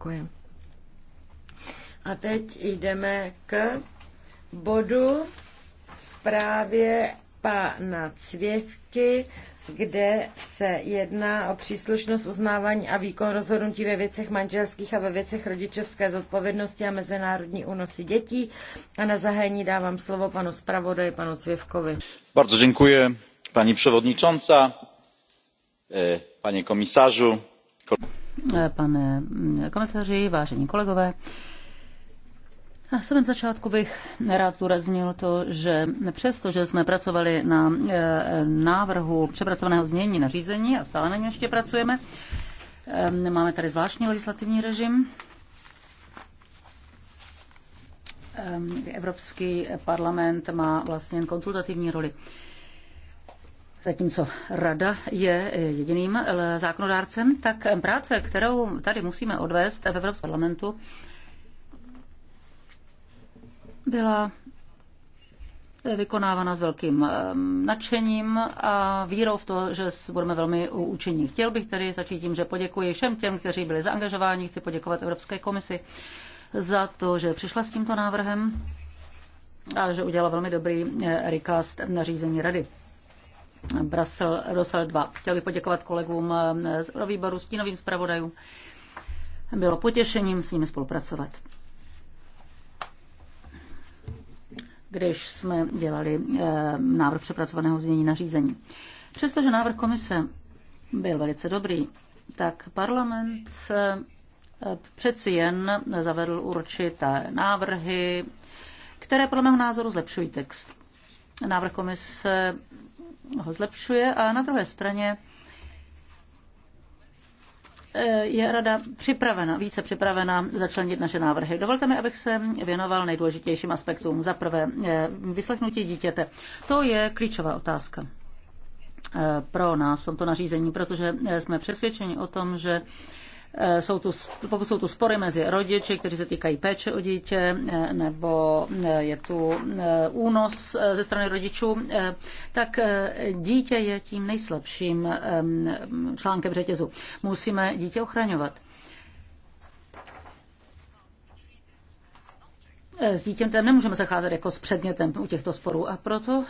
Děkuji. A teď jdeme k bodu zprávě pana Cvěvky, kde se jedná o příslušnost uznávání a výkon rozhodnutí ve věcech manželských a ve věcech rodičovské zodpovědnosti a mezinárodní únosy dětí. A na zahájení dávám slovo panu zpravodaji, panu Cvěvkovi. Bardzo děkuji, pani przewodnicząca, e, paní komisarzu. Eh, pane mm, komisaři, vážení kolegové. Na samém začátku bych rád zúraznil to, že přesto, že jsme pracovali na eh, návrhu přepracovaného změní na řízení a stále na něm ještě pracujeme, eh, máme tady zvláštní legislativní režim, Evropský parlament má vlastně konzultativní roli zatímco rada je eh, jediným eh, zákonodárcem, tak práce, kterou tady musíme odvést v Evropském parlamentu, byla eh, vykonávána s velkým ehm, nadšením a vírou v to, že budeme velmi účinní. Chtěl bych tedy začít tím, že poděkuji všem těm, kteří byli zaangažováni. Chci poděkovat Evropské komisi za to, že přišla s tímto návrhem a že udělala velmi dobrý recast řízení rady. Brusel, Brusel 2. Chtěl bych poděkovat kolegům eh, z výboru, stínovým zpravodajům. Bylo potěšením s nimi spolupracovat. když jsme dělali eh, návrh přepracovaného znění nařízení. Přestože návrh komise byl velice dobrý, tak parlament eh, přeci jen zavedl určité návrhy, které podle mého názoru zlepšují text. Návrh komise ho zlepšuje a na druhé straně eh, je rada připravena, více připravena začlenit naše návrhy. Dovolte mi, abych se věnoval nejdůležitějším aspektům. Za prvé, eh, vyslechnutí dítěte. To je klíčová otázka eh, pro nás v tomto nařízení, protože jsme přesvědčeni o tom, že Eh, jsou tu, pokud jsou tu spory mezi rodiči, kteří se týkají péče o dítě, eh, nebo eh, je tu únos ze strany rodičů, tak dítě je tím nejslabším článkem řetězu. Musíme dítě ochraňovat. S dítětem nemůžeme zacházet jako s předmětem u těchto sporů a proto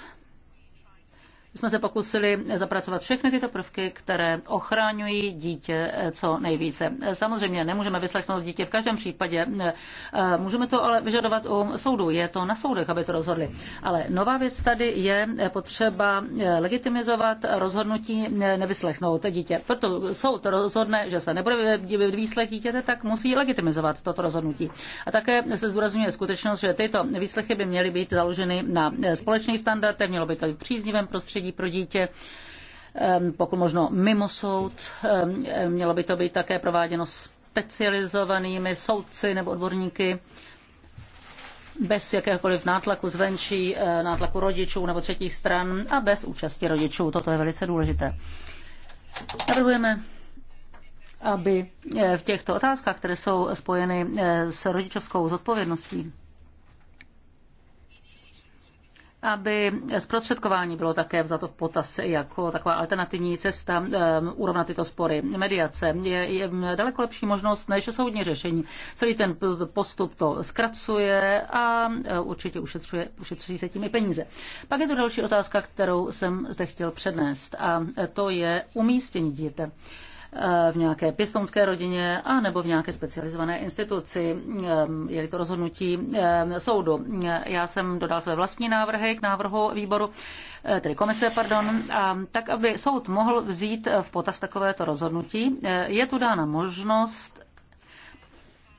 jsme se pokusili zapracovat všechny tyto prvky, které ochraňují dítě co nejvíce. Samozřejmě nemůžeme vyslechnout dítě v každém případě, eh, můžeme to ale vyžadovat u soudu, je to na soudech, aby to rozhodli. Ale nová věc tady je potřeba eh, legitimizovat rozhodnutí eh, nevyslechnout dítě. Proto soud rozhodne, že se nebude výslech dítěte, tak musí legitimizovat toto rozhodnutí. A také se zdůrazňuje skutečnost, že tyto výslechy by měly být založeny na společných standardech, mělo by to být příznivém prostředí prostředí pro dítě pokud možno mimo soud. Mělo by to být také prováděno specializovanými soudci nebo odborníky bez jakéhokoliv nátlaku zvenčí, e, nátlaku rodičů nebo třetích stran a bez účasti rodičů. Toto je velice důležité. Navrhujeme aby e, v těchto otázkách, které jsou spojeny e, s rodičovskou zodpovědností, aby zprostředkování bylo také vzato v potaz jako taková alternativní cesta um, eh, urovnat tyto spory. Mediace je, je daleko lepší možnost než soudní řešení. Celý ten postup to zkracuje a eh, určitě ušetřuje, ušetří se tím i peníze. Pak je to další otázka, kterou jsem zde chtěl přednést a eh, to je umístění dítěte v nějaké pěstounské rodině a nebo v nějaké specializované instituci, ehm, je to rozhodnutí ehm, soudu. Já jsem dodal své vlastní návrhy k návrhu výboru, eh, tedy komise, pardon, a tak, aby soud mohl vzít v potaz takovéto rozhodnutí, eh, je tu dána možnost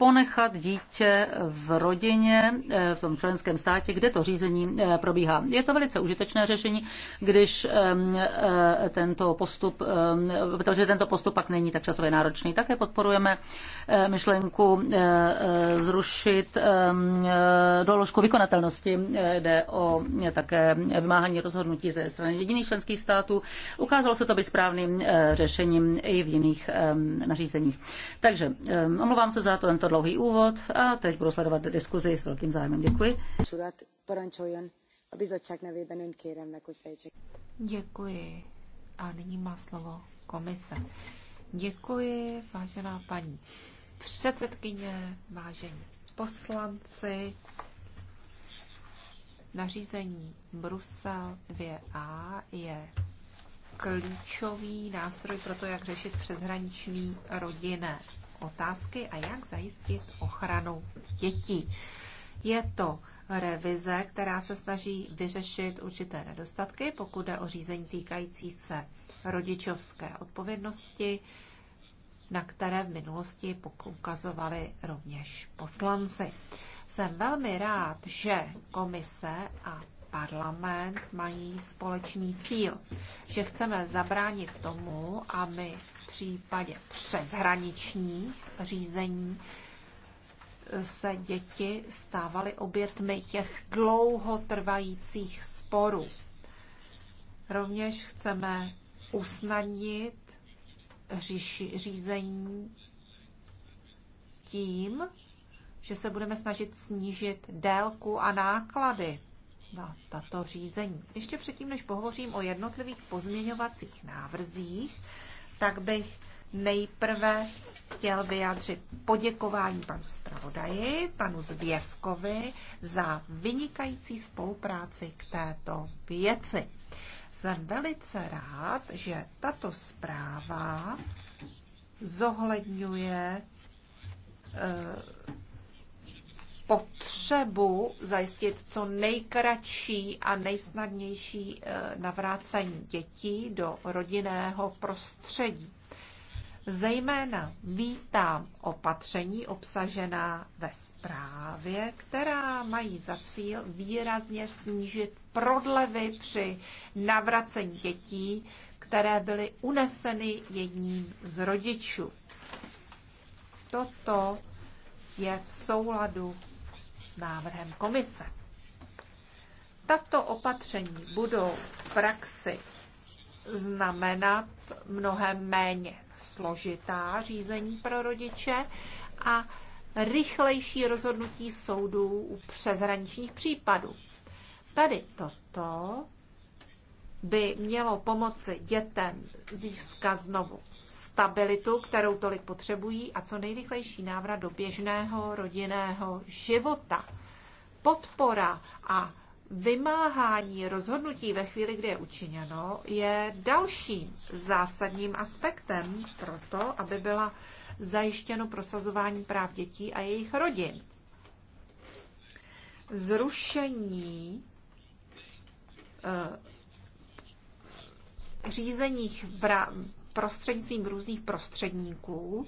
ponechat dítě v rodině, eh, v tom členském státě, kde to řízení eh, probíhá. Je to velice užitečné řešení, když eh, tento postup, protože tento postup pak není tak časově náročný. Také podporujeme myšlenku zrušit doložku vykonatelnosti, jde o také vymáhání rozhodnutí ze strany jediných členských států. Ukázalo se to být správným řešením i v jiných nařízeních. Takže omlouvám se za to, tento dlouhý úvod a teď budu sledovat diskuzi s velkým zájmem. Děkuji. Děkuji. A nyní má slovo komise. Děkuji, vážená paní předsedkyně, vážení poslanci. Nařízení Brusel 2a je klíčový nástroj pro to, jak řešit přeshraniční rodinné otázky a jak zajistit ochranu dětí. Je to revize, která se snaží vyřešit určité nedostatky, pokud jde o řízení týkající se rodičovské odpovědnosti, na které v minulosti ukazovali rovněž poslanci. Jsem velmi rád, že komise a parlament mají společný cíl, že chceme zabránit tomu, aby případě přeshraničních řízení e, se děti stávaly obětmi těch dlouhotrvajících sporů. Rovněž chceme usnadnit řízení tím, že se budeme snažit snížit délku a náklady na tato řízení. Ještě předtím, než pohovořím o jednotlivých pozměňovacích návrzích, tak bych nejprve chtěl vyjádřit poděkování panu zpravodaji, panu Zběvkovi za vynikající spolupráci k této věci. Jsem velice rád, že tato zpráva zohledňuje e, potřebu zajistit co nejkratší a nejsnadnější eh, navrácení dětí do rodinného prostředí. Zejména vítám opatření obsažená ve zprávě, která mají za cíl výrazně snížit prodlevy při navracení dětí, které byly uneseny jedním z rodičů. Toto je v souladu s návrhem komise. Tato opatření budou v praxi znamenat mnohem méně složitá řízení pro rodiče a rychlejší rozhodnutí soudů u přeshraničních případů. Tady toto by mělo pomoci dětem získat znovu stabilitu, kterou tolik potřebují a co nejrychlejší návrat do běžného rodinného života. Podpora a vymáhání rozhodnutí ve chvíli, kdy je učiněno, je dalším zásadním aspektem pro to, aby byla zajištěno prosazování práv dětí a jejich rodin. Zrušení e, řízeních prostřednictvím různých prostředníků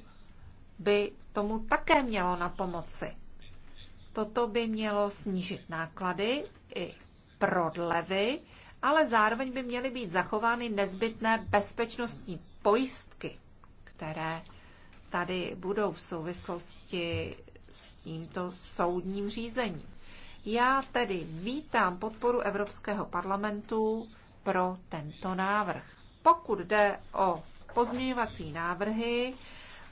by tomu také mělo na pomoci. Toto by mělo snížit náklady i prodlevy, ale zároveň by měly být zachovány nezbytné bezpečnostní pojistky, které tady budou v souvislosti s tímto soudním řízením. Já tedy vítám podporu Evropského parlamentu pro tento návrh. Pokud jde o pozměňovací návrhy,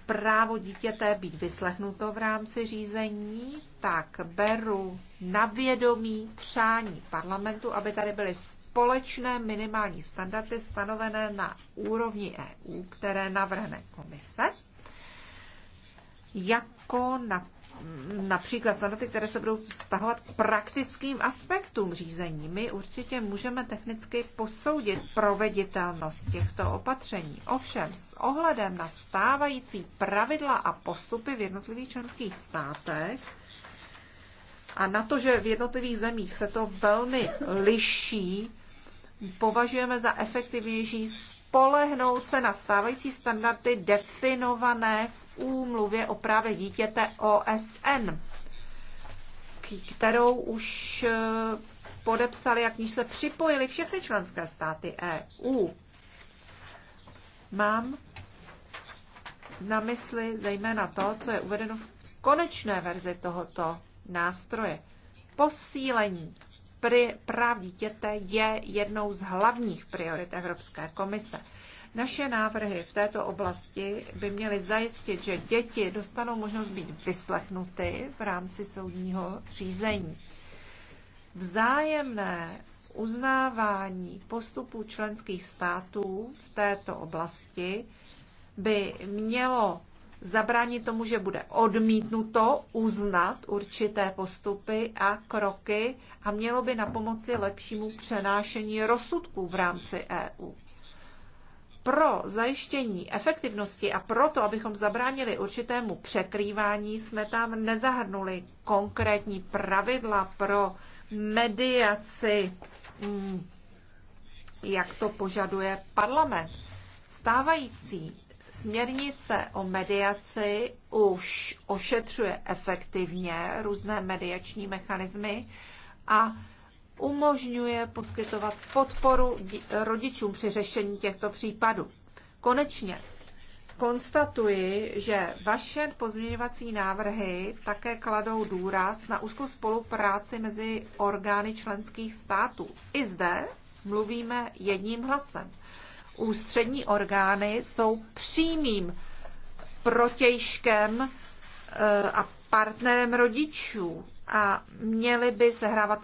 právo dítěte být vyslechnuto v rámci řízení, tak beru na vědomí přání parlamentu, aby tady byly společné minimální standardy stanovené na úrovni EU, které navrhne komise, jako na například standardy, které se budou vztahovat k praktickým aspektům řízení. My určitě můžeme technicky posoudit proveditelnost těchto opatření. Ovšem s ohledem na stávající pravidla a postupy v jednotlivých členských státech a na to, že v jednotlivých zemích se to velmi liší, považujeme za efektivnější spolehnout se na stávající standardy definované v úmluvě o právech dítěte OSN, kterou už eh, podepsali, jak níž se připojili všechny členské státy EU. Mám na mysli zejména to, co je uvedeno v konečné verzi tohoto nástroje. Posílení práv dítěte je jednou z hlavních priorit Evropské komise. Naše návrhy v této oblasti by měly zajistit, že děti dostanou možnost být vyslechnuty v rámci soudního řízení. Vzájemné uznávání postupů členských států v této oblasti by mělo zabránit tomu, že bude odmítnuto uznat určité postupy a kroky a mělo by na pomoci lepšímu přenášení rozsudků v rámci EU pro zajištění efektivnosti a proto, abychom zabránili určitému překrývání, jsme tam nezahrnuli konkrétní pravidla pro mediaci, hmm. jak to požaduje parlament. Stávající směrnice o mediaci už ošetřuje efektivně různé mediační mechanismy a umožňuje poskytovat podporu rodičům při řešení těchto případů. Konečně konstatuji, že vaše pozměňovací návrhy také kladou důraz na úzkou spolupráci mezi orgány členských států. I zde mluvíme jedním hlasem. Ústřední orgány jsou přímým protějškem eh, a partnerem rodičů a měly by sehrávat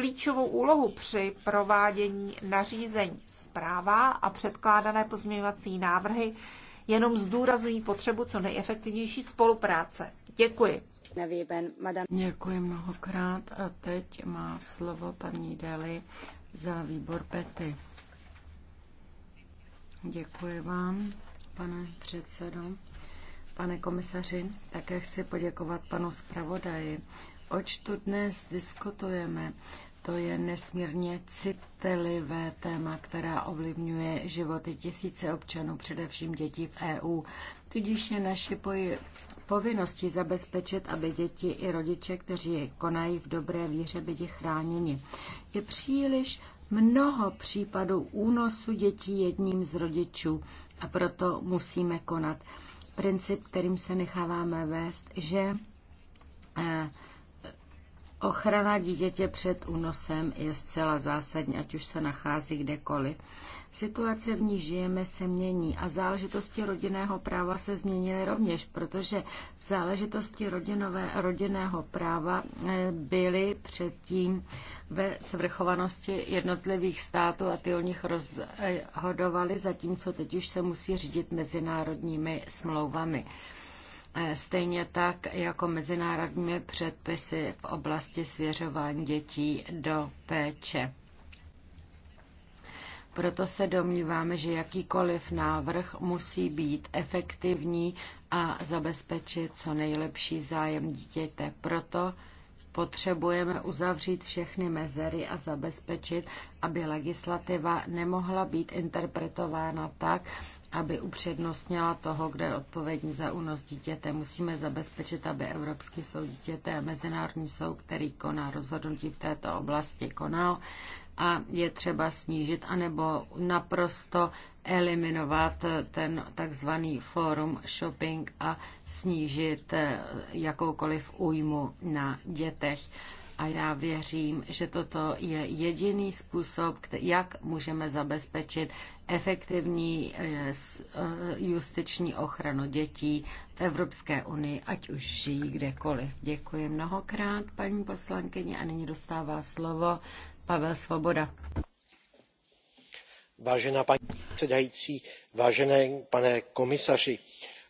klíčovou úlohu při provádění nařízení. Zpráva a předkládané pozměňovací návrhy jenom zdůrazují potřebu co nejefektivnější spolupráce. Děkuji. Děkuji mnohokrát a teď má slovo paní Deli za výbor Pety. Děkuji vám, pane předsedo. Pane komisaři, také chci poděkovat panu zpravodaji oč tu dnes diskutujeme, to je nesmírně citlivé téma, která ovlivňuje životy tisíce občanů, především dětí v EU. Tudíž je naše poj- povinnosti zabezpečit, aby děti i rodiče, kteří konají v dobré víře, byli chráněni. Je příliš mnoho případů únosu dětí jedním z rodičů a proto musíme konat. Princip, kterým se necháváme vést, že eh, Ochrana dítěte před únosem je zcela zásadní, ať už se nachází kdekoliv. Situace, v ní žijeme, se mění a záležitosti rodinného práva se změnily rovněž, protože záležitosti rodinové, rodinného práva eh, byly předtím ve svrchovanosti jednotlivých států a ty o nich rozhodovaly, zatímco teď už se musí řídit mezinárodními smlouvami stejně tak jako mezinárodními předpisy v oblasti svěřování dětí do péče. Proto se domníváme, že jakýkoliv návrh musí být efektivní a zabezpečit co nejlepší zájem dítěte. Proto potřebujeme uzavřít všechny mezery a zabezpečit, aby legislativa nemohla být interpretována tak, aby upřednostnila toho, kdo je odpovědní za únos dítěte. Musíme zabezpečit, aby Evropský soud dítěte a Mezinárodní soud, který koná rozhodnutí v této oblasti, konal a je třeba snížit anebo naprosto eliminovat ten takzvaný forum shopping a snížit eh, jakoukoliv újmu na dětech. A já věřím, že toto je jediný způsob, jak můžeme zabezpečit efektivní eh, eh, justiční ochranu dětí v Evropské unii, ať už žijí kdekoliv. Děkuji mnohokrát, paní poslankyně, a nyní dostává slovo Pavel Svoboda. Vážená paní předsedající, vážené pane komisaři,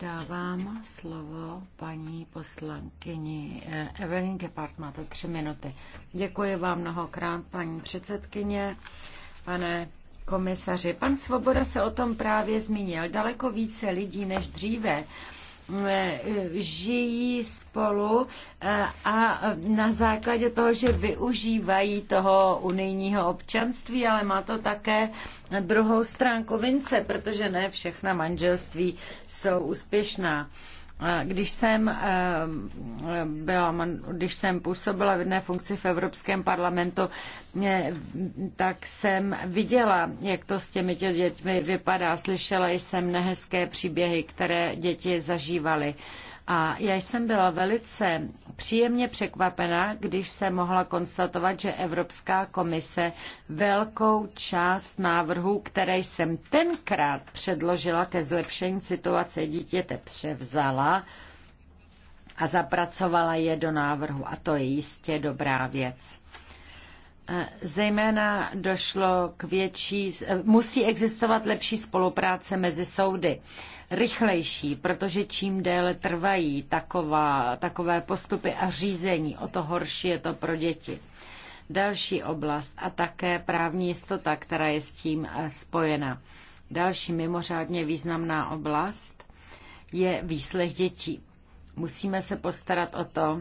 Dávám slovo paní poslankyni eh, Evelyn Gepard. Máte tři minuty. Děkuji vám mnohokrát, paní předsedkyně, pane komisaři. Pan Svoboda se o tom právě zmínil. Daleko více lidí než dříve Eh, žijí spolu eh, a na základě toho, že využívají toho unijního občanství, ale má to také druhou stránku vince, protože ne všechna manželství jsou úspěšná. Když jsem, eh, byla, když jsem působila v jedné funkci v Evropském parlamentu, tak jsem viděla, jak to s těmi dětmi vypadá. Slyšela jsem nehezké příběhy, které děti zažívaly. A já jsem byla velice příjemně překvapena, když se mohla konstatovat, že Evropská komise velkou část návrhů, které jsem tenkrát předložila ke zlepšení situace dítěte, převzala a zapracovala je do návrhu. A to je jistě dobrá věc. Eh, zejména došlo k větší, musí existovat lepší spolupráce mezi soudy rychlejší, protože čím déle trvají taková, takové postupy a řízení, o to horší je to pro děti. Další oblast a také právní jistota, která je s tím eh, spojena. Další mimořádně významná oblast je výslech dětí musíme se postarat o to,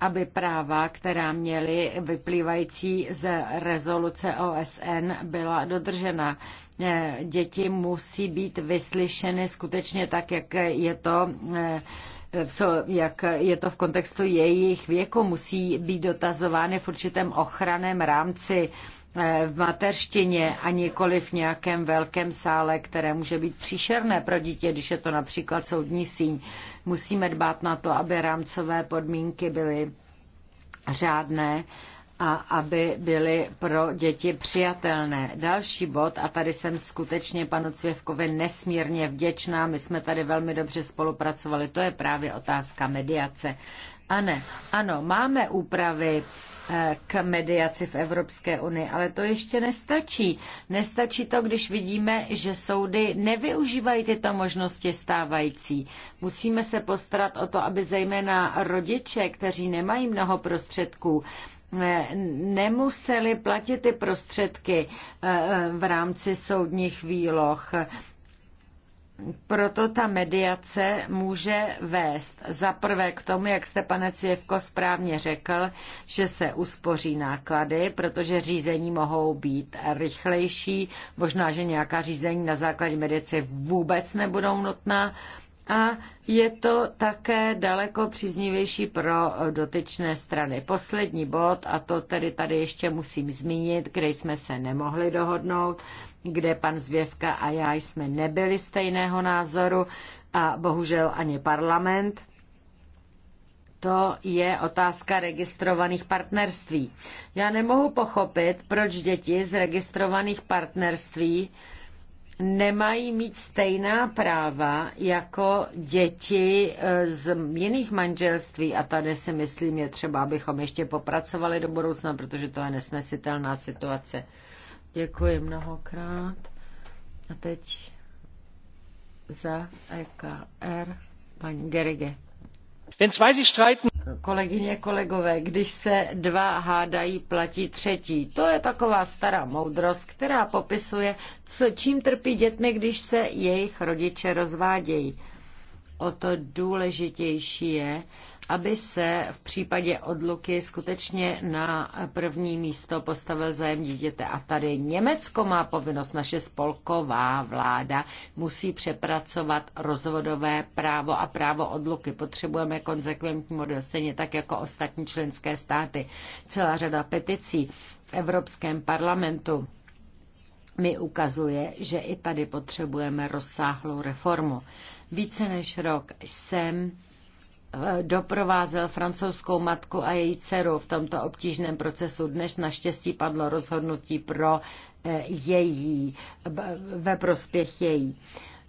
aby práva, která měly vyplývající z rezoluce OSN, byla dodržena. Eh, děti musí být vyslyšeny skutečně tak, jak je to eh, jak je to v kontextu jejich věku, musí být dotazovány v určitém ochraném rámci Eh, v mateřštině a nikoli v nějakém velkém sále, které může být příšerné pro dítě, když je to například soudní síň. Musíme dbát na to, aby rámcové podmínky byly řádné a aby byly pro děti přijatelné. Další bod, a tady jsem skutečně panu Cvěvkovi nesmírně vděčná, my jsme tady velmi dobře spolupracovali, to je právě otázka mediace. Ane, ano, máme úpravy eh, k mediaci v Evropské unii, ale to ještě nestačí. Nestačí to, když vidíme, že soudy nevyužívají tyto možnosti stávající. Musíme se postarat o to, aby zejména rodiče, kteří nemají mnoho prostředků, eh, nemuseli platit ty prostředky eh, v rámci soudních výloh. Proto ta mediace může vést za prvé k tomu, jak jste, pane Cvěvko, správně řekl, že se uspoří náklady, protože řízení mohou být rychlejší, možná, že nějaká řízení na základě mediace vůbec nebudou nutná a je to také daleko příznivější pro dotyčné strany. Poslední bod, a to tedy tady ještě musím zmínit, kde jsme se nemohli dohodnout, kde pan Zvěvka a já jsme nebyli stejného názoru a bohužel ani parlament, to je otázka registrovaných partnerství. Já nemohu pochopit, proč děti z registrovaných partnerství nemají mít stejná práva jako děti eh, z jiných manželství. A tady si myslím, je třeba, abychom ještě popracovali do budoucna, protože to je nesnesitelná situace. Děkuji mnohokrát. A teď za EKR paní Gerige. Wenn zwei sich streiten, kolegyně, kolegové, když se dva hádají, platí třetí. To je taková stará moudrost, která popisuje, co, čím trpí dětmi, když se jejich rodiče rozvádějí. O to důležitější je, aby se v případě odluky skutečně na první místo postavil zájem dítěte. A tady Německo má povinnost, naše spolková vláda musí přepracovat rozvodové právo a právo odluky. Potřebujeme konsekventní model, stejně tak jako ostatní členské státy. Celá řada peticí v Evropském parlamentu mi ukazuje, že i tady potřebujeme rozsáhlou reformu. Více než rok jsem doprovázel francouzskou matku a její dceru v tomto obtížném procesu. Dnes naštěstí padlo rozhodnutí pro eh, její, ve prospěch její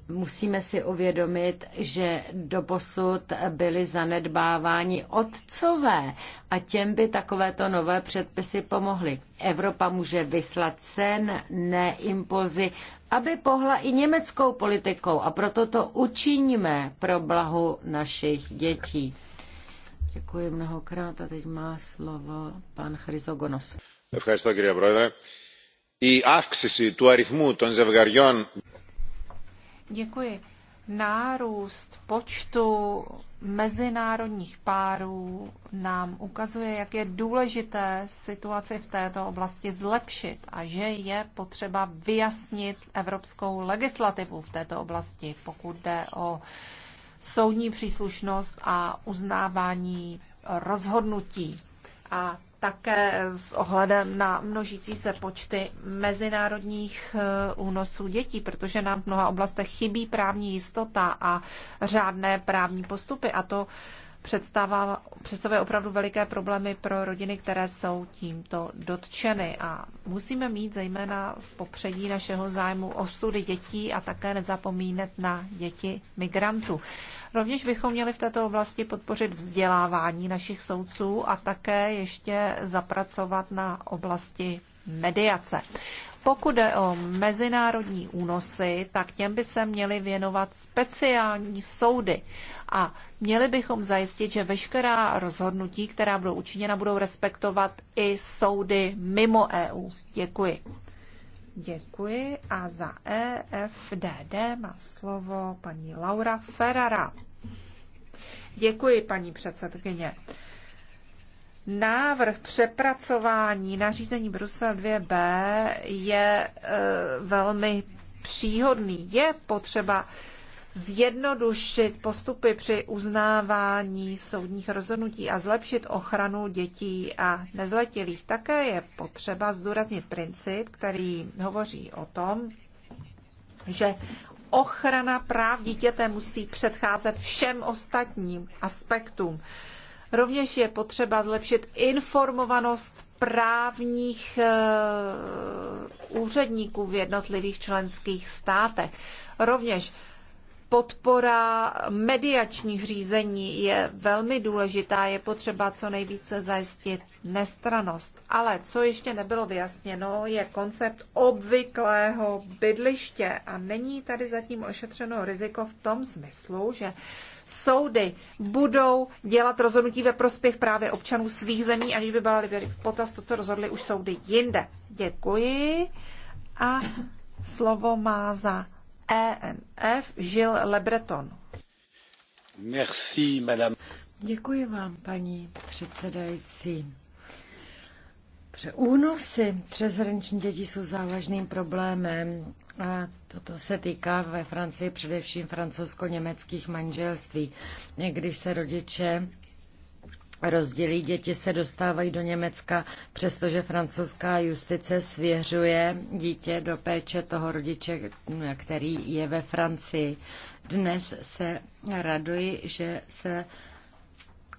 musíme si uvědomit, že doposud byly zanedbáváni otcové a těm by takovéto nové předpisy pomohly. Evropa může vyslat sen, ne impozy, aby pohla i německou politikou a proto to učiníme pro blahu našich dětí. Děkuji mnohokrát a teď má slovo pan Chrysogonos. Děkuji, pane Πρόεδρε. Η Děkuji. Nárůst počtu mezinárodních párů nám ukazuje, jak je důležité situaci v této oblasti zlepšit a že je potřeba vyjasnit evropskou legislativu v této oblasti, pokud jde o soudní příslušnost a uznávání rozhodnutí. A také s ohledem na množící se počty mezinárodních eh, únosů dětí, protože nám v mnoha oblastech chybí právní jistota a řádné právní postupy. A to představá, představuje opravdu veliké problémy pro rodiny, které jsou tímto dotčeny. A musíme mít zejména v popředí našeho zájmu osudy dětí a také nezapomínat na děti migrantů. Rovněž bychom měli v této oblasti podpořit vzdělávání našich soudců a také ještě zapracovat na oblasti mediace. Pokud jde o mezinárodní únosy, tak těm by se měly věnovat speciální soudy a měli bychom zajistit, že veškerá rozhodnutí, která budou učiněna, budou respektovat i soudy mimo EU. Děkuji. Děkuji a za EFDD má slovo paní Laura Ferrara. Děkuji, paní předsedkyně. Návrh přepracování nařízení Brusel 2b je e, velmi příhodný. Je potřeba zjednodušit postupy při uznávání soudních rozhodnutí a zlepšit ochranu dětí a nezletilých. Také je potřeba zdůraznit princip, který hovoří o tom, že ochrana práv dítěte musí předcházet všem ostatním aspektům. Rovněž je potřeba zlepšit informovanost právních eh, úředníků v jednotlivých členských státech. Rovněž podpora mediačních řízení je velmi důležitá, je potřeba co nejvíce zajistit nestranost. Ale co ještě nebylo vyjasněno, je koncept obvyklého bydliště a není tady zatím ošetřeno riziko v tom smyslu, že soudy budou dělat rozhodnutí ve prospěch právě občanů svých zemí, aniž by byla v potaz to, co rozhodly už soudy jinde. Děkuji. A slovo má za ENF Žil Lebreton. Merci, madame. Děkuji vám, paní předsedající. Únosy přeshraniční dětí jsou závažným problémem. A toto se týká ve Francii především francouzsko-německých manželství. Když se rodiče rozdělí, děti se dostávají do Německa, přestože francouzská justice svěřuje dítě do péče toho rodiče, který je ve Francii. Dnes se raduji, že se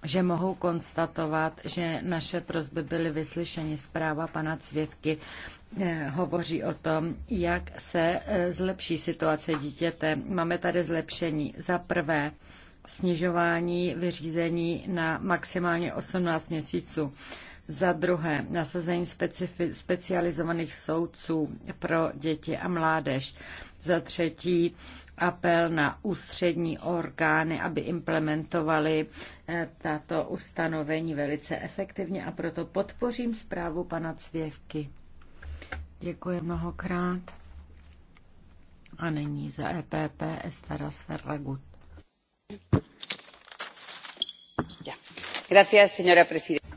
že mohu konstatovat, že naše prozby byly vyslyšeny. Zpráva pana Cvěvky eh, hovoří o tom, jak se eh, zlepší situace dítěte. Máme tady zlepšení. Za prvé, snižování vyřízení na maximálně 18 měsíců. Za druhé, nasazení specifi- specializovaných soudců pro děti a mládež. Za třetí, apel na ústřední orgány, aby implementovali eh, tato ustanovení velice efektivně a proto podpořím zprávu pana Cvěvky. Děkuji mnohokrát. A nyní za EPP Estaras Ferragut.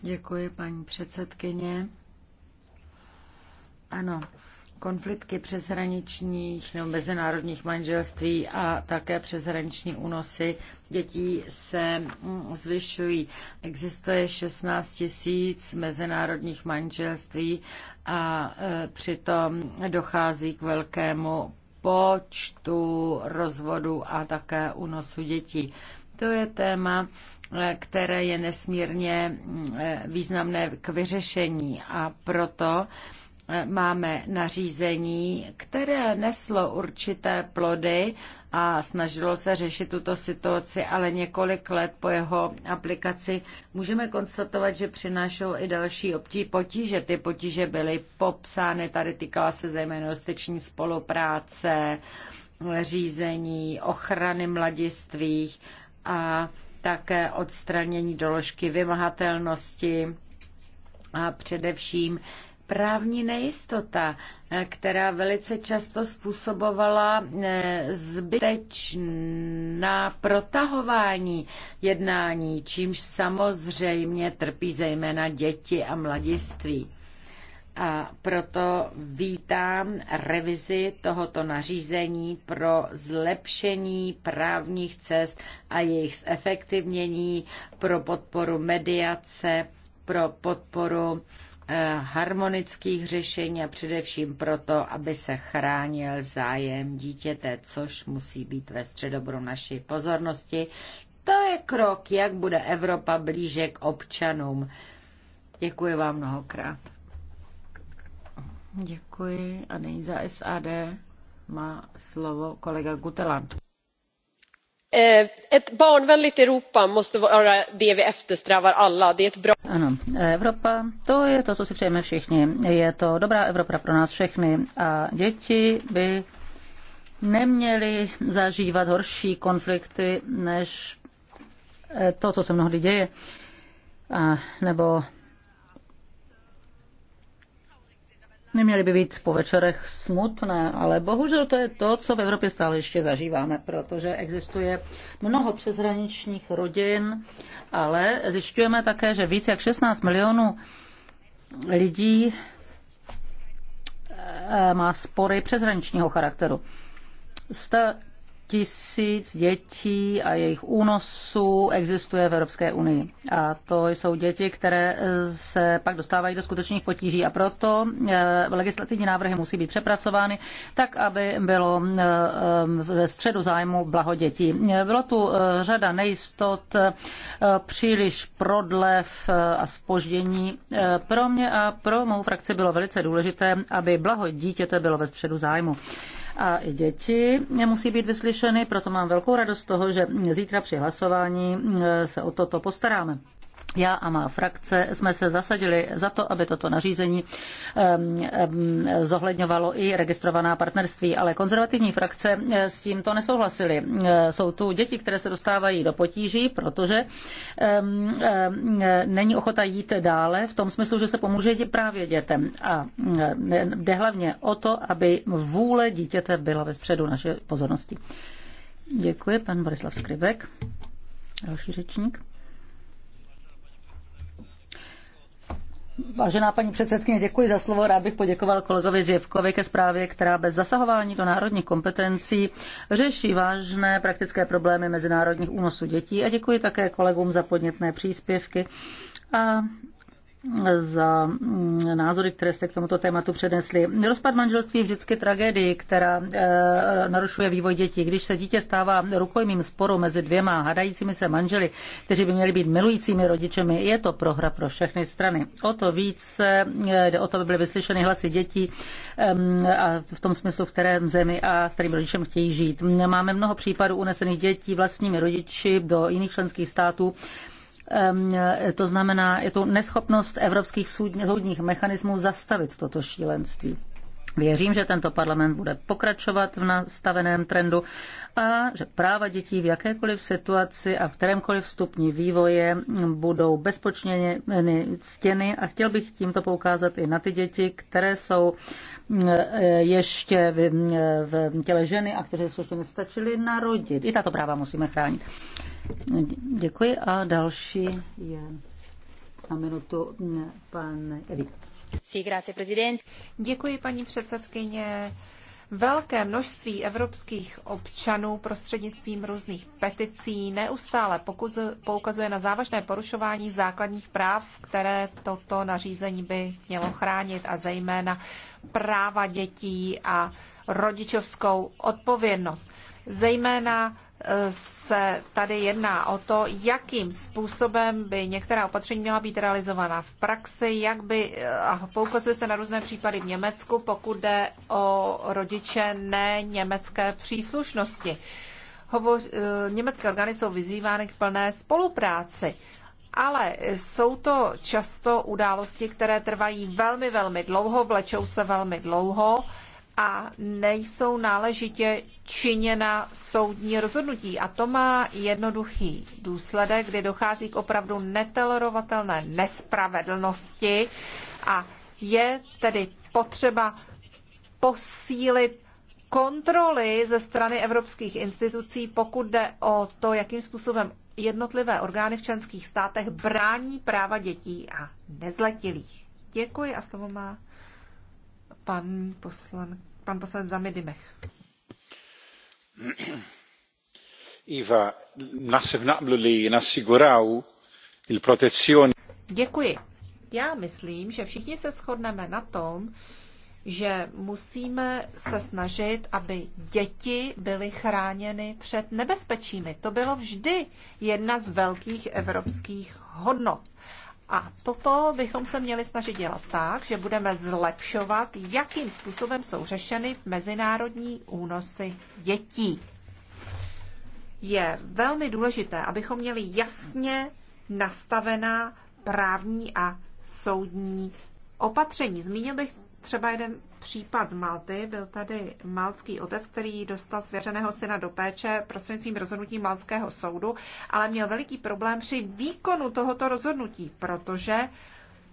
Děkuji, paní předsedkyně. Ano, konfliktky přeshraničních nebo mezinárodních manželství a také přeshraniční únosy dětí se mm, zvyšují. Existuje 16 tisíc mezinárodních manželství a e, přitom dochází k velkému počtu rozvodů a také únosu dětí. To je téma, e, které je nesmírně mm, e, významné k vyřešení a proto máme nařízení, které neslo určité plody a snažilo se řešit tuto situaci, ale několik let po jeho aplikaci můžeme konstatovat, že přinášel i další obtí potíže. Ty potíže byly popsány, tady týkala se zejména justiční spolupráce, řízení, ochrany mladistvých a také odstranění doložky vymahatelnosti a především Právní nejistota, eh, která velice často způsobovala eh, zbytečná protahování jednání, čímž samozřejmě trpí zejména děti a mladiství. A proto vítám revizi tohoto nařízení pro zlepšení právních cest a jejich zefektivnění, pro podporu mediace, pro podporu Eh, harmonických řešení a především proto, aby se chránil zájem dítěte, což musí být ve středobru naší pozornosti. To je krok, jak bude Evropa blíže k občanům. Děkuji vám mnohokrát. Děkuji a nyní za SAD má slovo kolega Guteland. Eh, ett barnvänligt Europa måste vara det vi eftersträvar alla. Det är ett bra... Ano, Evropa, to je to, co si přejeme všichni. Je to dobrá Evropa pro nás všechny a děti by neměly zažívat horší konflikty než eh, to, co se mnohdy děje, a nebo Neměly by být po večerech smutné, ale bohužel to je to, co v Evropě stále ještě zažíváme, protože existuje mnoho přeshraničních rodin, ale zjišťujeme také, že více jak 16 milionů lidí eh, má spory přeshraničního charakteru. 100 tisíc dětí a jejich únosů existuje v Evropské unii. A to jsou děti, které eh, se pak dostávají do skutečných potíží a proto eh, legislativní návrhy musí být přepracovány tak, aby bylo eh, ve středu zájmu blaho dětí. Bylo tu řada nejistot, příliš prodlev a spoždění. Pro mě a pro mou frakci bylo velice důležité, aby blaho dítěte bylo ve středu zájmu a i děti musí být vyslyšeny, proto mám velkou radost z toho, že zítra při hlasování eh, se o toto postaráme. Já a má frakce jsme se zasadili za to, aby toto nařízení zohledňovalo i registrovaná partnerství, ale konzervativní frakce eh, s tímto nesouhlasily. Eh, jsou tu děti, které se dostávají do potíží, protože eh, není ochota jít dále v tom smyslu, že se pomůže právě dětem. A jde hlavně o to, aby vůle dítěte byla ve středu naše pozornosti. Děkuji, pan Borislav Skribek. Další řečník. Vážená paní předsedkyně, děkuji za slovo. Rád bych poděkoval kolegovi Zjevkovi ke zprávě, která bez zasahování do národních kompetencí řeší vážné praktické problémy mezinárodních únosů dětí a děkuji také kolegům za podnětné příspěvky a za mm, názory, které jste k tomuto tématu přednesli. Rozpad manželství je vždycky tragédii, která eh, narušuje vývoj dětí. Když se dítě stává rukojmím sporu mezi dvěma hadajícími se manželi, kteří by měli být milujícími rodičemi, je to prohra pro všechny strany. O to více eh, jde o to, aby byly vyslyšeny hlasy dětí a v tom smyslu, v kterém zemi a s kterým rodičem chtějí žít. Máme mnoho případů unesených dětí vlastními rodiči do jiných členských států, to znamená, je to neschopnost evropských soudních mechanismů zastavit toto šílenství. Věřím, že tento parlament bude pokračovat v nastaveném trendu a že práva dětí v jakékoliv situaci a v kterémkoliv stupni vývoje budou bezpočně ctěny a chtěl bych tímto poukázat i na ty děti, které jsou eh, ještě v, v těle ženy a které se ještě nestačily narodit. I tato práva musíme chránit. Děkuji a další je na minutu mm, pan Erik. Děkuji, paní předsedkyně. Velké množství evropských občanů prostřednictvím různých peticí neustále poukazuje na závažné porušování základních práv, které toto nařízení by mělo chránit, a zejména práva dětí a rodičovskou odpovědnost. Zejména e, se tady jedná o to, jakým způsobem by některá opatření měla být realizována v praxi, jak by, e, a poukazuje se na různé případy v Německu, pokud jde o rodiče ne německé příslušnosti. Hovoř, e, německé orgány jsou vyzývány k plné spolupráci. Ale jsou to často události, které trvají velmi, velmi dlouho, vlečou se velmi dlouho a nejsou náležitě činěna soudní rozhodnutí. A to má jednoduchý důsledek, kdy dochází k opravdu netolerovatelné nespravedlnosti a je tedy potřeba posílit kontroly ze strany evropských institucí, pokud jde o to, jakým způsobem jednotlivé orgány v členských státech brání práva dětí a nezletilých. Děkuji a slovo má pan, poslan, pan poslanec Zamidimech. Iva, il Děkuji. Já myslím, že všichni se shodneme na tom, že musíme se snažit, aby děti byly chráněny před nebezpečími. To bylo vždy jedna z velkých evropských hodnot. A toto bychom se měli snažit dělat tak, že budeme zlepšovat, jakým způsobem jsou řešeny mezinárodní únosy dětí. Je velmi důležité, abychom měli jasně nastavená právní a soudní opatření. Zmínil bych třeba jeden případ z Malty. Byl tady malský otec, který dostal svěřeného syna do péče prostřednictvím rozhodnutí malského soudu, ale měl veliký problém při výkonu tohoto rozhodnutí, protože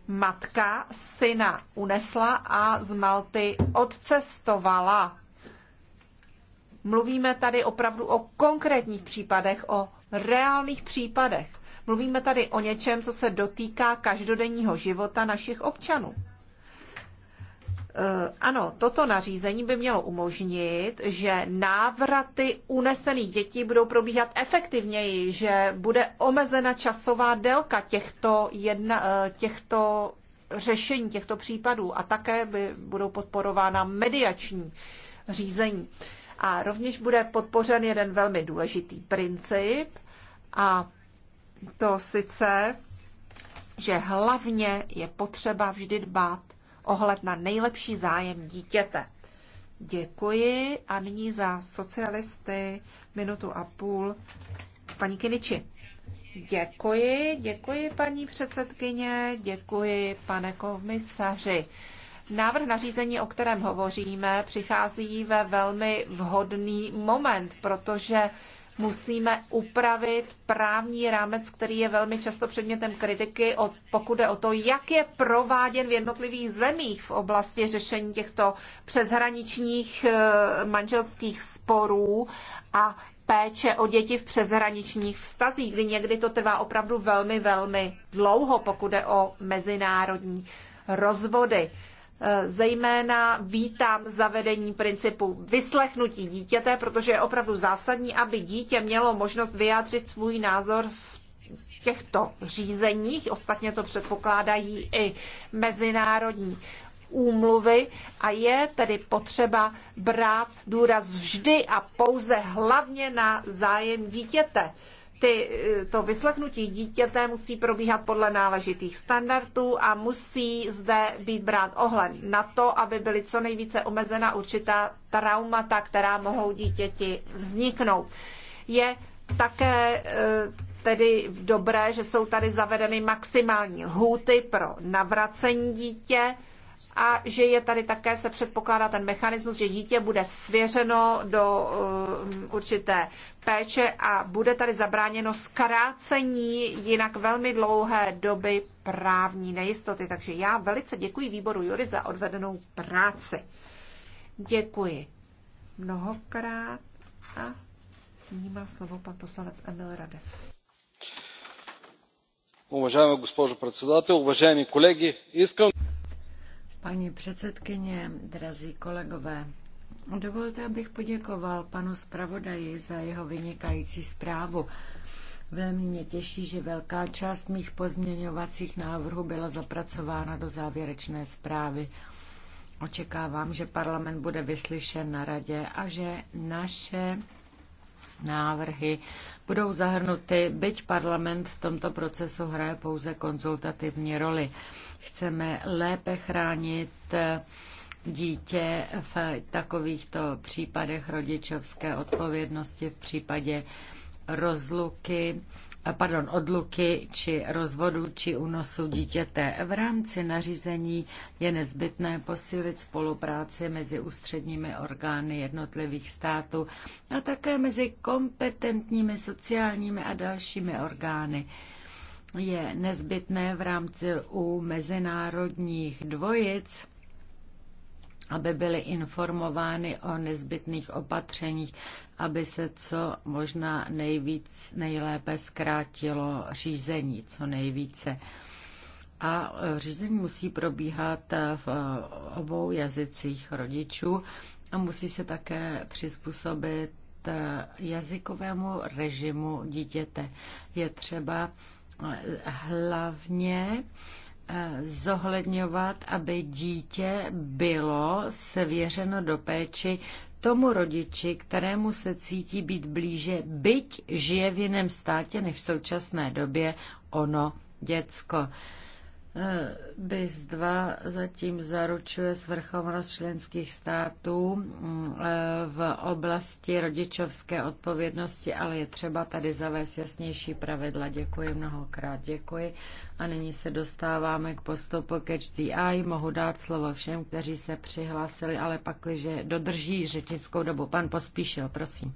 matka syna unesla a z Malty odcestovala. Mluvíme tady opravdu o konkrétních případech, o reálných případech. Mluvíme tady o něčem, co se dotýká každodenního života našich občanů. Eh, ano, toto nařízení by mělo umožnit, že návraty unesených dětí budou probíhat efektivněji, že bude omezena časová délka těchto, jedna, eh, těchto řešení těchto případů a také by budou podporována mediační řízení. A rovněž bude podpořen jeden velmi důležitý princip a to sice, že hlavně je potřeba vždy dbát ohled na nejlepší zájem dítěte. Děkuji a nyní za socialisty minutu a půl paní Kiniči. Děkuji, děkuji paní předsedkyně, děkuji pane komisaři. Návrh nařízení, o kterém hovoříme, přichází ve velmi vhodný moment, protože musíme upravit právní rámec, který je velmi často předmětem kritiky, pokud je o to, jak je prováděn v jednotlivých zemích v oblasti řešení těchto přeshraničních eh, manželských sporů a péče o děti v přeshraničních vztazích, kdy někdy to trvá opravdu velmi, velmi dlouho, pokud je o mezinárodní rozvody. Eh, zejména vítám zavedení principu vyslechnutí dítěte, protože je opravdu zásadní, aby dítě mělo možnost vyjádřit svůj názor v těchto řízeních. Ostatně to předpokládají i mezinárodní úmluvy a je tedy potřeba brát důraz vždy a pouze hlavně na zájem dítěte ty, eh, to vyslechnutí dítěte musí probíhat podle náležitých standardů a musí zde být brát ohled na to, aby byly co nejvíce omezena určitá traumata, která mohou dítěti vzniknout. Je také eh, tedy dobré, že jsou tady zavedeny maximální lhůty pro navracení dítě a že je tady také se předpokládá ten mechanismus, že dítě bude svěřeno do eh, určité péče a bude tady zabráněno zkrácení jinak velmi dlouhé doby právní nejistoty. Takže já velice děkuji výboru Jury za odvedenou práci. Děkuji mnohokrát a nyní má slovo pan poslanec Emil Radev. Uvažujeme, gospodžu председател, uvažujeme kolegy, искам... Paní předsedkyně, drazí kolegové, Dovolte, abych poděkoval panu zpravodaji za jeho vynikající zprávu. Velmi mě těší, že velká část mých pozměňovacích návrhů byla zapracována do závěrečné zprávy. Očekávám, že parlament bude vyslyšen na radě a že naše návrhy budou zahrnuty, byť parlament v tomto procesu hraje pouze konzultativní roli. Chceme lépe chránit dítě v takovýchto případech rodičovské odpovědnosti v případě rozluky, pardon, odluky či rozvodu či unosu dítěte. V rámci nařízení je nezbytné posílit spolupráci mezi ústředními orgány jednotlivých států a také mezi kompetentními sociálními a dalšími orgány je nezbytné v rámci u mezinárodních dvojic aby byly informovány o nezbytných opatřeních, aby se co možná nejvíc, nejlépe zkrátilo řízení, co nejvíce. A e, řízení musí probíhat e, v e, obou jazycích rodičů a musí se také přizpůsobit jazykovému režimu dítěte. Je třeba hlavně zohledňovat, aby dítě bylo svěřeno do péči tomu rodiči, kterému se cítí být blíže, byť žije v jiném státě než v současné době ono děcko. BIS 2 zatím zaručuje svrchovnost členských států mm, e, v oblasti rodičovské odpovědnosti, ale je třeba tady zavést jasnější pravidla. Děkuji mnohokrát, děkuji. A nyní se dostáváme k postupu k HDI. Mohu dát slovo všem, kteří se přihlásili, ale pak, že dodrží řečnickou dobu. Pan Pospíšil, prosím.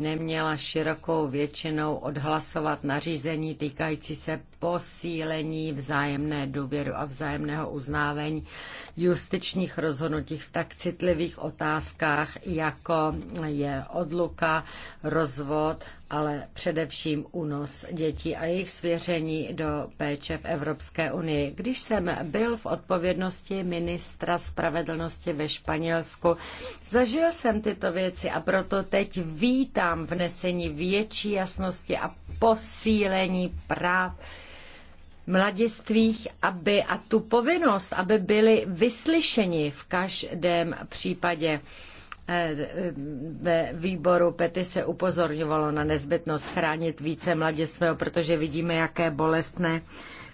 neměla širokou většinou odhlasovat nařízení týkající se posílení vzájemné důvěru a vzájemného uznávání justičních rozhodnutí v tak citlivých otázkách, jako je odluka, rozvod, ale především únos dětí a jejich svěření do péče v Evropské unii. Když jsem byl v odpovědnosti ministra spravedlnosti ve Španělsku, zažil jsem tyto věci a proto teď vítám tam vnesení větší jasnosti a posílení práv mladistvých, aby a tu povinnost, aby byli vyslyšeni v každém případě. Eh, eh, ve výboru Pety se upozorňovalo na nezbytnost chránit více mladistvého, protože vidíme, jaké bolestné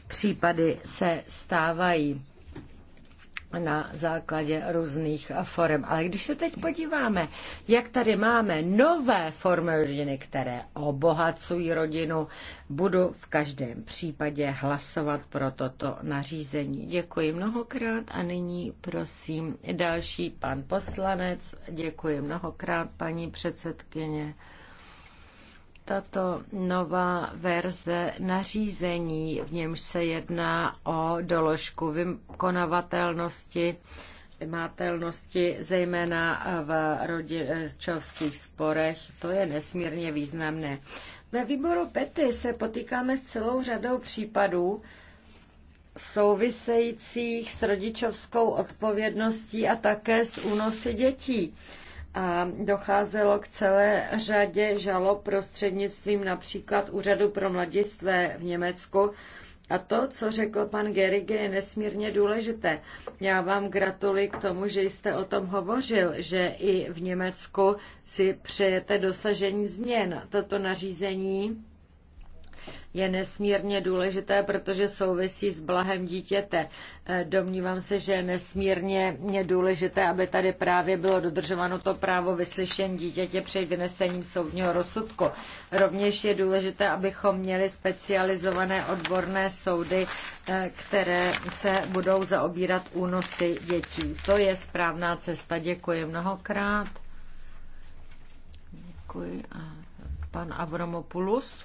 případy se stávají na základě různých forem. Ale když se teď podíváme, jak tady máme nové formy rodiny, které obohacují rodinu, budu v každém případě hlasovat pro toto nařízení. Děkuji mnohokrát a nyní prosím další pan poslanec. Děkuji mnohokrát, paní předsedkyně tato nová verze nařízení, v němž se jedná o doložku vykonavatelnosti, vymátelnosti, zejména v rodičovských sporech, to je nesmírně významné. Ve výboru PETY se potýkáme s celou řadou případů souvisejících s rodičovskou odpovědností a také s únosy dětí a docházelo k celé řadě žalob prostřednictvím například Úřadu pro mladistvé v Německu. A to, co řekl pan Gerige, je nesmírně důležité. Já vám gratuluji k tomu, že jste o tom hovořil, že i v Německu si přejete dosažení změn. Toto nařízení je nesmírně důležité, protože souvisí s blahem dítěte. E, domnívám se, že je nesmírně důležité, aby tady právě bylo dodržováno to právo vyslyšen dítěte před vynesením soudního rozsudku. Rovněž je důležité, abychom měli specializované odborné soudy, e, které se budou zaobírat únosy dětí. To je správná cesta. Děkuji mnohokrát. Děkuji. pan Avromopoulos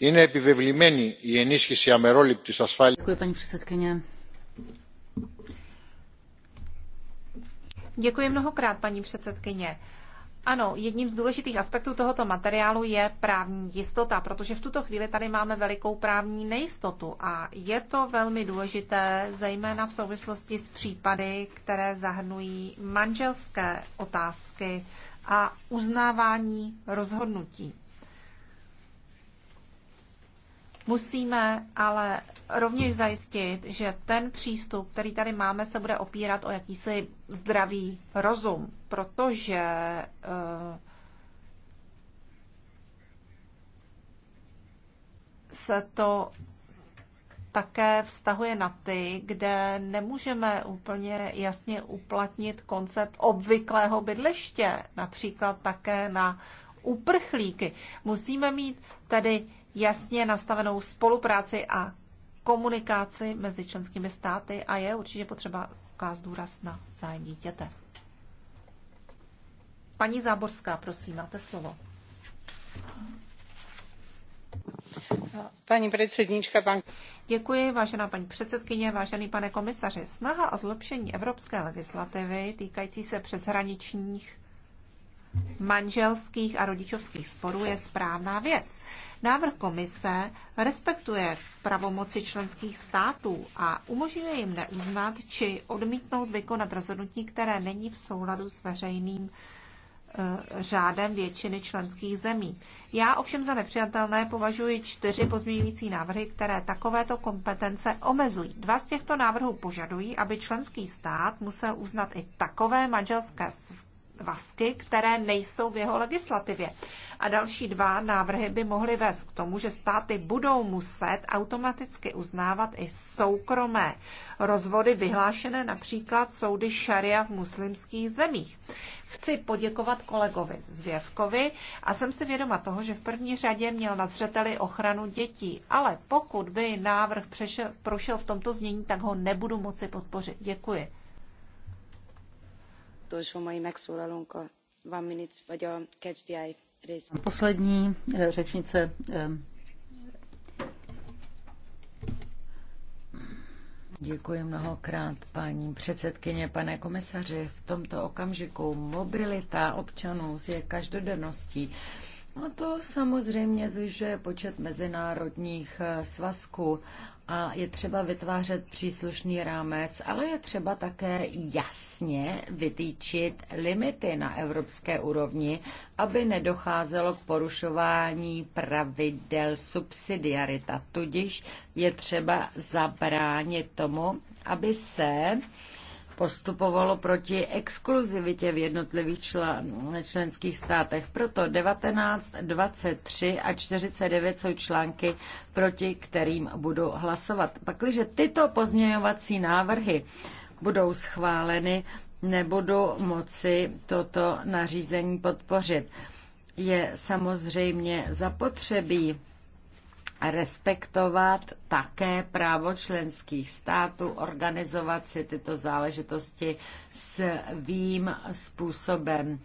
Είναι επιβεβλημένη η ενίσχυση αμερόληπτης ασφάλειας. Děkuji, paní předsedkyně. Děkuji mnohokrát, paní předsedkyně. Ano, jedním z důležitých aspektů tohoto materiálu je právní jistota, protože v tuto chvíli tady máme velikou právní nejistotu a je to velmi důležité, zejména v souvislosti s případy, které zahrnují manželské otázky a uznávání rozhodnutí. Musíme ale rovněž zajistit, že ten přístup, který tady máme, se bude opírat o jakýsi zdravý rozum, protože eh, se to také vztahuje na ty, kde nemůžeme úplně jasně uplatnit koncept obvyklého bydliště, například také na uprchlíky. Musíme mít tedy jasně nastavenou spolupráci a komunikaci mezi členskými státy a je určitě potřeba klást důraz na zájem dítěte. Paní Záborská, prosím, máte slovo. Paní předsednička, pan... Děkuji, vážená paní předsedkyně, vážený pane komisaři. Snaha a zlepšení evropské legislativy týkající se přeshraničních manželských a rodičovských sporů je správná věc. Návrh komise respektuje pravomoci členských států a umožňuje jim neuznat či odmítnout vykonat rozhodnutí, které není v souladu s veřejným eh, řádem většiny členských zemí. Já ovšem za nepřijatelné považuji čtyři pozměňující návrhy, které takovéto kompetence omezují. Dva z těchto návrhů požadují, aby členský stát musel uznat i takové manželské svazky, které nejsou v jeho legislativě. A další dva návrhy by mohly vést k tomu, že státy budou muset automaticky uznávat i soukromé rozvody vyhlášené například soudy šaria v muslimských zemích. Chci poděkovat kolegovi Zvěvkovi a jsem si vědoma toho, že v první řadě měl na zřeteli ochranu dětí, ale pokud by návrh přešel, prošel v tomto znění, tak ho nebudu moci podpořit. Děkuji. Poslední eh, řečnice eh, Děkuji mnohokrát, paní předsedkyně, pane komisaři. V tomto okamžiku mobilita občanů je každodenností. No to samozřejmě zvyšuje počet mezinárodních eh, svazků a je třeba vytvářet příslušný rámec, ale je třeba také jasně vytýčit limity na evropské úrovni, aby nedocházelo k porušování pravidel subsidiarita. Tudíž je třeba zabránit tomu, aby se postupovalo proti exkluzivitě v jednotlivých členských státech. Proto 19, 23 a 49 jsou články, proti kterým budu hlasovat. Pakliže tyto pozměňovací návrhy budou schváleny, nebudu moci toto nařízení podpořit. Je samozřejmě zapotřebí respektovat také právo členských států organizovat si tyto záležitosti svým způsobem.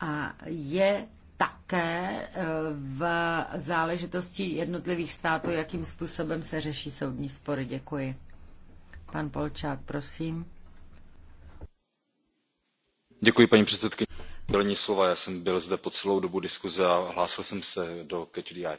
A je také e, v záležitosti jednotlivých států, jakým způsobem se řeší soudní spory. Děkuji. Pan Polčák, prosím. Děkuji, paní předsedkyně. Dělení slova, já jsem byl zde po celou dobu diskuze a hlásil jsem se do Catch the Eye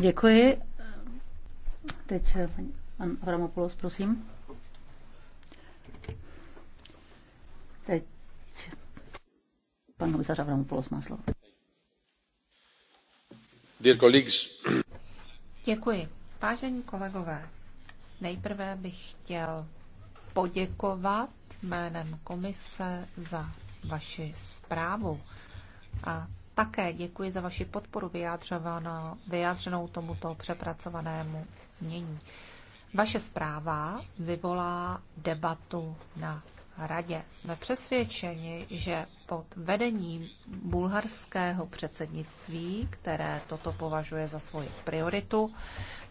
Děkuji. Teď eh, pan Avramopoulos, prosím. Teď pan komisař Avramopoulos má slovo. Dear colleagues. Děkuji. Vážení kolegové, nejprve bych chtěl poděkovat jménem komise za vaši zprávu a také děkuji za vaši podporu vyjádřenou tomuto přepracovanému znění. Vaše zpráva vyvolá debatu na radě. Jsme přesvědčeni, že pod vedením bulharského předsednictví, které toto považuje za svoji prioritu,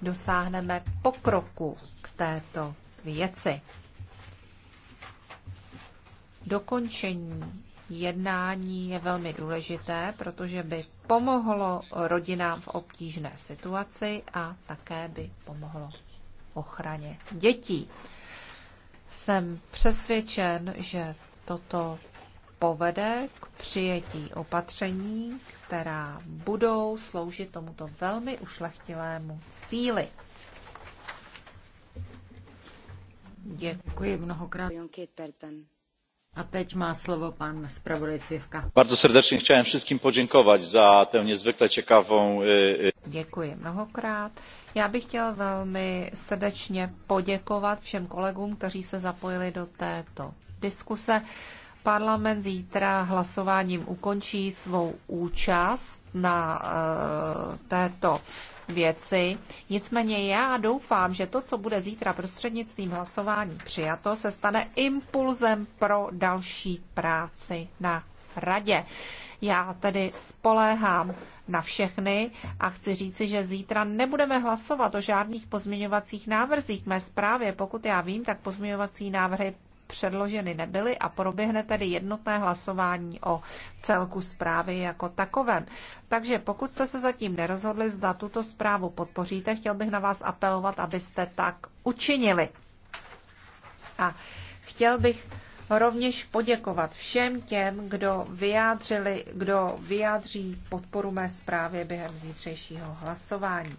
dosáhneme pokroku k této věci. Dokončení jednání je velmi důležité, protože by pomohlo rodinám v obtížné situaci a také by pomohlo ochraně dětí. Jsem přesvědčen, že toto povede k přijetí opatření, která budou sloužit tomuto velmi ušlechtilému síly. Děkuji mnohokrát. A teď má slovo pan zpravodaj Cvivka. Bardzo srdečně chciałem všem poděkovat za tu nezvykle ciekawą... Děkuji mnohokrát. Já bych chtěl velmi srdečně poděkovat všem kolegům, kteří se zapojili do této diskuse. Parlament zítra hlasováním ukončí svou účast na uh, této věci. Nicméně já doufám, že to, co bude zítra prostřednictvím hlasování přijato, se stane impulzem pro další práci na radě. Já tedy spoléhám na všechny a chci říci, že zítra nebudeme hlasovat o žádných pozměňovacích návrzích mé zprávě. Pokud já vím, tak pozměňovací návrhy předloženy nebyly a proběhne tedy jednotné hlasování o celku zprávy jako takovém. Takže pokud jste se zatím nerozhodli, zda tuto zprávu podpoříte, chtěl bych na vás apelovat, abyste tak učinili. A chtěl bych rovněž poděkovat všem těm, kdo, vyjádřili, kdo vyjádří podporu mé zprávě během zítřejšího hlasování.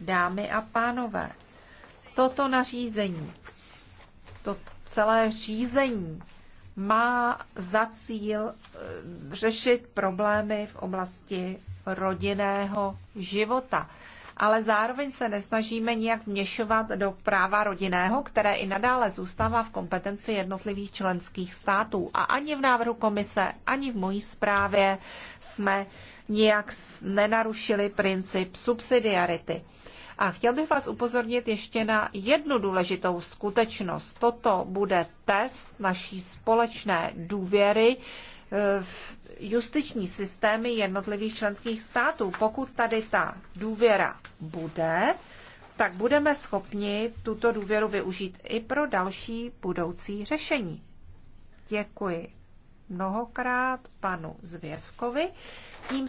Dámy a pánové, toto nařízení, to, celé řízení má za cíl eh, řešit problémy v oblasti rodinného života. Ale zároveň se nesnažíme nijak měšovat do práva rodinného, které i nadále zůstává v kompetenci jednotlivých členských států. A ani v návrhu komise, ani v mojí zprávě jsme nijak nenarušili princip subsidiarity. A chtěl bych vás upozornit ještě na jednu důležitou skutečnost. Toto bude test naší společné důvěry eh, v justiční systémy jednotlivých členských států. Pokud tady ta důvěra bude, tak budeme schopni tuto důvěru využít i pro další budoucí řešení. Děkuji mnohokrát panu Zvěrvkovi. Tím